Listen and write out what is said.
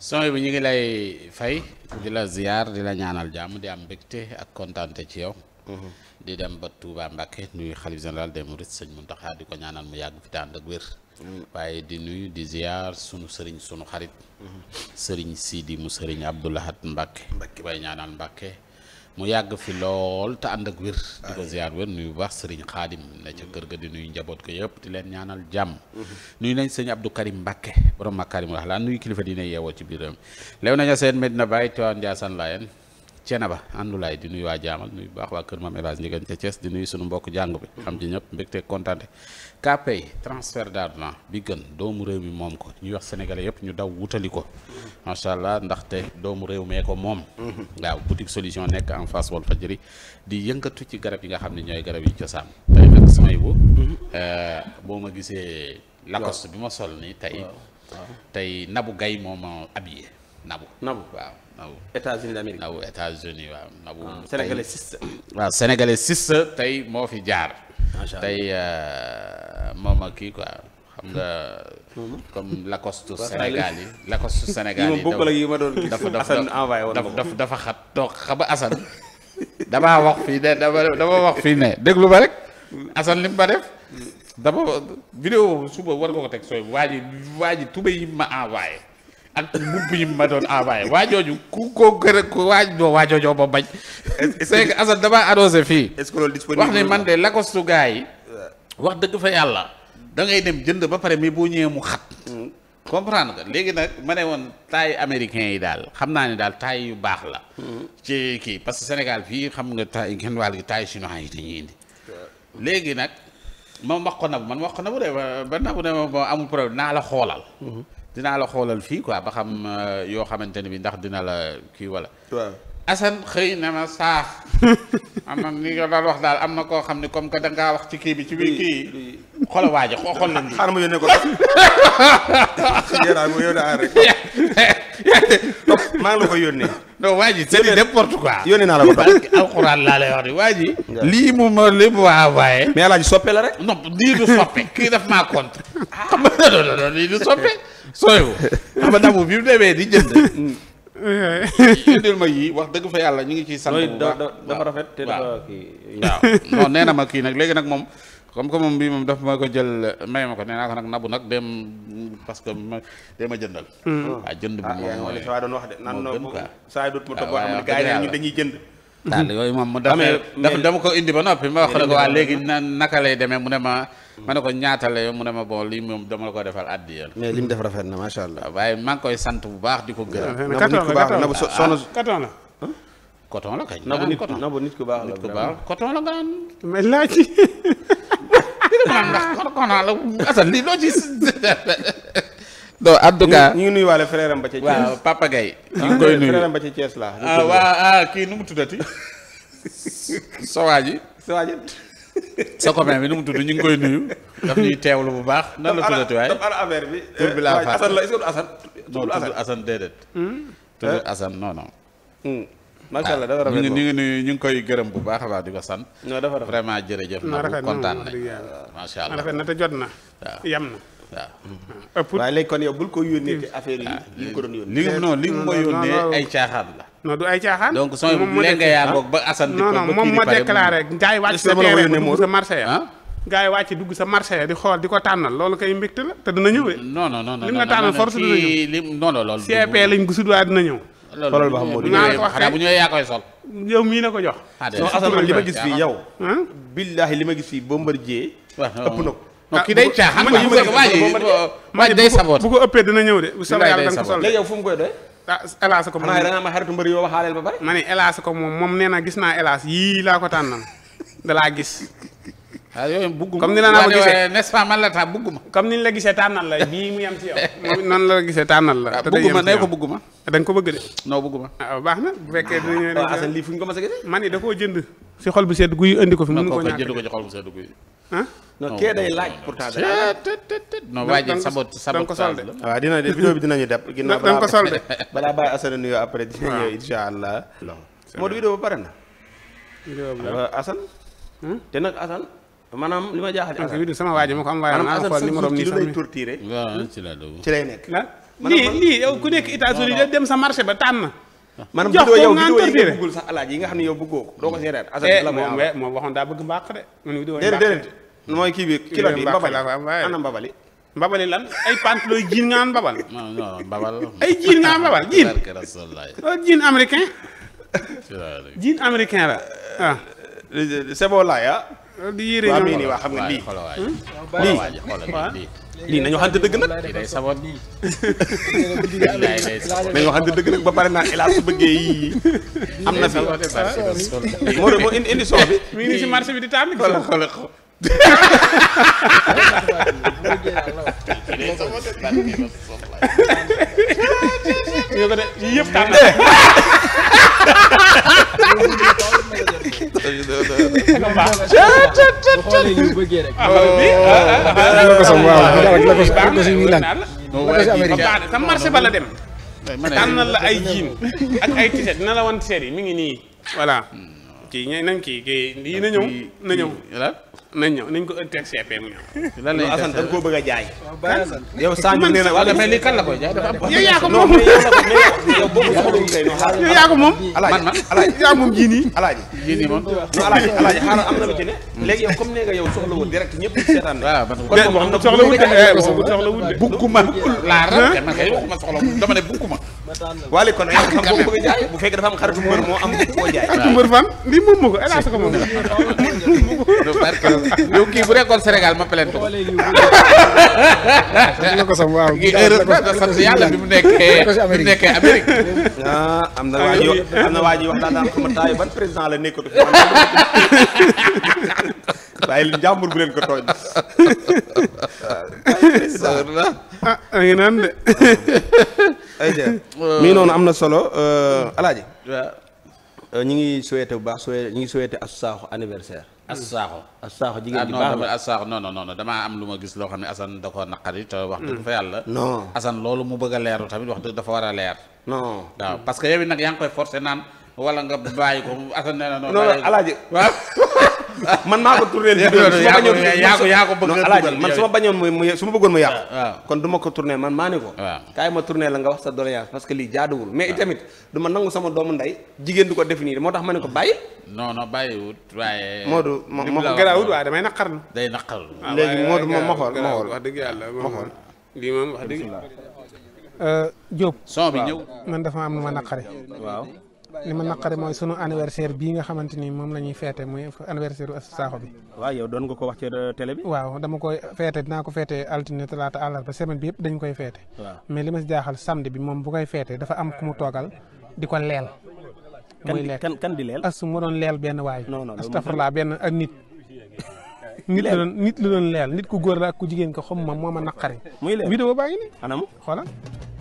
son bi ñu ngi lay fay di la ziyaar di la ñaanal jàmm di am mbégte ak kontaante ci yow mhm. di dem ba Touba Mbacké nuyu xalif général des mourides sëñ Mountakha di ko ñaanal mu yàgg fi tànd ak wér mhm. waaye di nuyu di ziyaar sunu sëriñ sunu xarit mhm. sëriñ Sidi mu sëriñ Abdoulahat Mbacké bay ñaanal Mbacké mu yàgg fi lool te ànd ak wér di ko ziar wér nuyu baax sëriñ xaadim na ca kër ga di nuyu njaboot ko yëpp di leen ñaanal jàmm mm-hmm. nuyu nañ sëñ Abdou Karim Mbàkke borom Makaarimul Axlaaq nuyu kilifa dina yeewoo ci biiram réew mi léew nañu seen Medina Baye Tiwaan Njaasaan Laayeen Cenaba àndulaay di nuyu waa jaamal nuyu baax waa kër maam El Hadj Ndiéguène ca Thiès di nuyu sunu mbokk jàng bi xam ci ñëpp mbégte kontaante kaapay transfert d'argent bi gën doomu réew mi moom ko ñu wax sénégalais yëpp ñu daw wutali ko macha allah ndaxte doomu réew mee ko moom mhm. waaw boutique solution nekk en face Walfadjri di yëngatu ci garab yi nga xam ne ñooy garab yi cosaan tey nag samay bu mhm. euh, boo ma gisee lacoste bi ma sol ni tey tey nabu gay mooma habillé nabu nabu waaw nabu États-Unis d'Amérique nabu waaw nabu ah, sénégalais siste tey moo fi jaar tey euh, moom ak kii quoi xam nga comme Lacoste Sénégal yi Lacoste Sénégal yi dafa dafa dafa xat toog xaba Assane damaa wax fii ne dama dama wax fii ne déglu ba rek Assane li ba def dama vidéo suba war nga ko teg sooy waa ji waa ji yi ma envoyé ak mbubb ma doon envoyé waajooju jooju ku ko gën a ku waaj boo waa ba bañ. c'est que Assane damaa annoncé fii. est-ce wax ne man de lakostu gars yi. wax dëgg fa yàlla. dangay dem jënd ba pare mii boo ñëwee mu xat. Hmm. comprendre nga léegi nag ma ne woon taay américain yi daal xam naa ne daal taay yu baax la. Hmm. ci kii parce que Sénégal fii xam nga taay genn wàll gi taay chinois yi dañuy indi. léegi nag moom wax ko na bu man wax ko na bu de ba na bu de amul problème naa la xoolal. Hmm. dinaa la xoolal fii quoi ba xam euh, yoo xamante ne bi ndax dina la kii walla waaw xëy na ma saax am na ni nga daan wax daal am na koo xam ne comme que da ngaa wax ci kii bi ci biir kii xoolal waa ji xool leen. xaaral ma yónnee ko nag yéen mu yónnee rek. maa ngi la koy yónnee. non waa ji c'est n'importe quoi. naa la ba pare. alxuraan laa lay wax de waa ji. lii mu ma lii mu ma envoyé. soppe la rek. non lii du soppe kii daf maa compte xam nga non lii du soppe. sooy wu xam nga bi mu demee di jënd. indil ma yii wax dëgg fa yàlla ñu ngi ciy sant bu baax dafa rafet te dafa kii waaw non nee na ma kii nag léegi nag moom comme que moom bii moom daf ma ko jël may ma ko nee naa ko nag nabu nag dem parce que ma dem jëndal waaw hmm. ah, jënd bi ah, moom mooy doon wax de nan no saa yi dut ma topp ah, wax am ne gars yi ñu dañuy jënd daal mhm. yooyu moom mu defee ah, mais dama ko indi ba noppi ma wax ko waa léegi na naka lay demee mu ne ma. Mhm. ma ne ko ñaatale mu ne ma bon lii moom dama la ko defal addiya la. mais li mu def rafet na macha allah. Ah, waaye maa ngi koy sant bu baax di ko gërëm. nabu coton la ah, coton la kañ. nabu nit nabu nit ku baax la nit ku baax coton la nga mais laaj ci. dina ma ndax coton la asal lii loo ci. non en tout cas ñu ngi nuyuwaale frère am ba ca Thiès waaw Papa Gaye ah, ñu ngi koy nuyu frère am ba ca Thiès laa. ah waa ah kii nu mu tuddati Sowaaji. Sowaaji. sa copain bi nu mu tudd ñu ngi koy nuyu. daf ñuy teewlu bu baax. nan la tuddati waaye dafa affaire bi. tur bi laa Assane la est-ce que Assane. tudd Assane déedéet. tudd Assane non non. Hmm. macha allah ah, dafa rafetlu ñu ngi nuyu ñu ngi koy gërëm bu baax a baax di ko sant. non dafa rafetlu vraiment jërëjëf. na rafet na moom kontaan nañ. macha allah rafet na te jot na. yam na. waaw. waaye léegi kon yow bul ko yónnee ci affaire yi. li ah, nga ko doon yónnee li non li nga la. non du ay ba Assane. di ko ba kii di pare moom moo déclaré njaay wàcc sa terrain bu ah? dugg sa marché ya. gaa di xool di ko tànnal loolu kay mbégte la te dina ñëwee. non non non non li nga tànnal force dina ñëw. non non loolu. CP lañ gudd waa dina ñëw. loolu ba xam moo di xanaa bu ñëwee yaa koy sol. yow mii na ko jox. Ah, non Assane li ma gis fii yow. billaahi li ma gis fii Bombardier ëpp na ko. non ah, kii day caaxaan quoi bu fekkee waa ji waa ji day saboot bu ko ëppee dina ñëw de. bu soobee yàlla da nga ko sol léegi yow fu mu koy doy. ah hélas ko moom xanaa da nga ma xaritu mbër yoo waxaaleel ba pare. ma ne hélas ko moom moom nee na gis naa hélas yii laa ko tànnal da laa gis. waaw ah, yooyu bugguma comme ni la naa ko gisee n'est-ce pas man la tax bugguma. comme ni ñu la gisee tànnal la bii mu yem ci yow. moom noonu la la gisee tànnal la. Ah, te day yem ci yow bugguma nee ko bugguma. da nga ko bëgg de. non bugguma. ah baax na bu fekkee dinañu. waaw Assane lii fu ñu ko mës a gisee. man ni da koo jënd si xol bu sedd guy andi ko fi. mën ko ñàkk jënd ko ci xol bu sedd guy. non oh, kee day laaj pourtant da non waa ji sabot sabot ko solde ah, dina de vidéo bi dinañu def ginnaaw da nga ko solde balaa après dina ñëw ah. insha allah Modou vidéo ba pare na euh, Assane hmm? te nag Assane maanaam li ma jaaxal Assane sama waa ji ma ko am waaye maanaam Assane ni morom ni sax hmm? lay torturé waaw ci nekk lii lii nekk États-Unis dem sa marché ba tànn maanaam vidéo yow vidéo yi nga bëggul sax alaaj yi nga xam ne yow bëggoo ko doo ko seetaan eh, Assane la moom waxoon daa bëgg mbaax de mooy kii bi kilo bi mbabali ana mbabali mbabali lan ay pantalon jiin nga naan mbabal. non non mbabal. ay jiin nga naan mbabal jiin. Oh, jiin américain. jiin américain la ah. sebolaaya. Ah. di yére ñoom nii waa xam nga lii. lii lii nañu waxante dëgg nag. lii day saboot lii. nañu waxante dëgg nag ba pare naa hélas su bëggee yii am na fi. moo indi indi soo bi. mi ngi si marché bi di tàmbali. xoolal xoolal ñu ko de yii yëpp tànn. sa marché ba la dem. tànnal la ay jiin ak ay t-shirt dina la wan t-shirt yi mi ngi nii. voilà kii nañ kii kii lii na ñëw na ñëw. nañ ñëw nañ ko ëttee CP mu ñëw. lan bëgg a jaay. yow Sadio nee na waaw mais lii kan la koy jaay dafa am. yow yaa ko moom yow boo ko soxla kay noonu. yow yaa ko moom. alaaji man yaa moom jii nii. alaaji jii nii moom. non alaaji alaaji xaaral am na lu ci ne. léegi yow comme nee nga yow soxla wul direct ñëpp seetaan na. kon moom am na soxla wul de eh, soxla waale kon ay xam ko bëgg a jaay bu fekkee dafa am xaritu mbër moo am koo jaay xaritu mbër fan lii moom moo ko El Hadj ko moom euh, yow kii bu rekkoon Sénégal ma plainte ko la ko sam waaw ngi yàlla bi mu nekkee bi ah, am na waaji am na waaji wax daan ban président la nekkatu waaye li jàmbur bu ah, naan de Euh, mii noonu am na solo euh, alaaji euh, ñi ngi souhaité bu baax souhaité ñi ngi souhaité as saaxu anniversaire as saaxo as saaxo jigéen di ah, baax as saaxo non non non damaa am lu ma gis loo xam ne assan da ko naqari te wax dëgg fa yàlla non Assane loolu mu bëgg a leeru tamit wax dafa war a leer non waaw parce yow it nag yaa ngi koy forcé naan wala nga bàyyi ko Assane nee na noonu alaaji waaw man maa ko tourné vidéo su ma bañoon yaa ko bëgg alaaji man su ma bañoon mu su ma bëggoon mu yàqu kon du ma ko tourné man maa ne ko kaay ma tourné la nga wax sa doléance parce que lii jaaduwul mais itamit du nangu sama doomu ndey jigéen du ko définir moo tax ma ne ko bàyyi non non bàyyiwut waaye Modou ma ma ko garaawut waaye damay naqarlu day naqarlu ah, léegi Modou ma ma xool ma xool wax dëgg yàlla ma xool lii moom wax dëgg euh, Diop bi ñëw man dafa am lu ma naqari waaw li ma naqari mooy sunu anniversaire bii nga xamante ni moom la ñuy feete muy anniversaire u Sakho bi. waaw doon nga ko wax ci waaw dama koy feete dinaa ko feete altine talaata àllarba semaine bi yëpp dañ koy feete. mais li ma si jaaxal samedi bi moom bu koy feete dafa am ku mu toogal di ko leel. muy lekk kan kan di leel. as mu doon leel benn waay. non non astafurlaa benn ak nit. nit la doon nit la doon leel nit ku góor ak ku jigéen ko xam ma moo ma naqari. muy leel vidéo baa ngi nii. anam xoolal.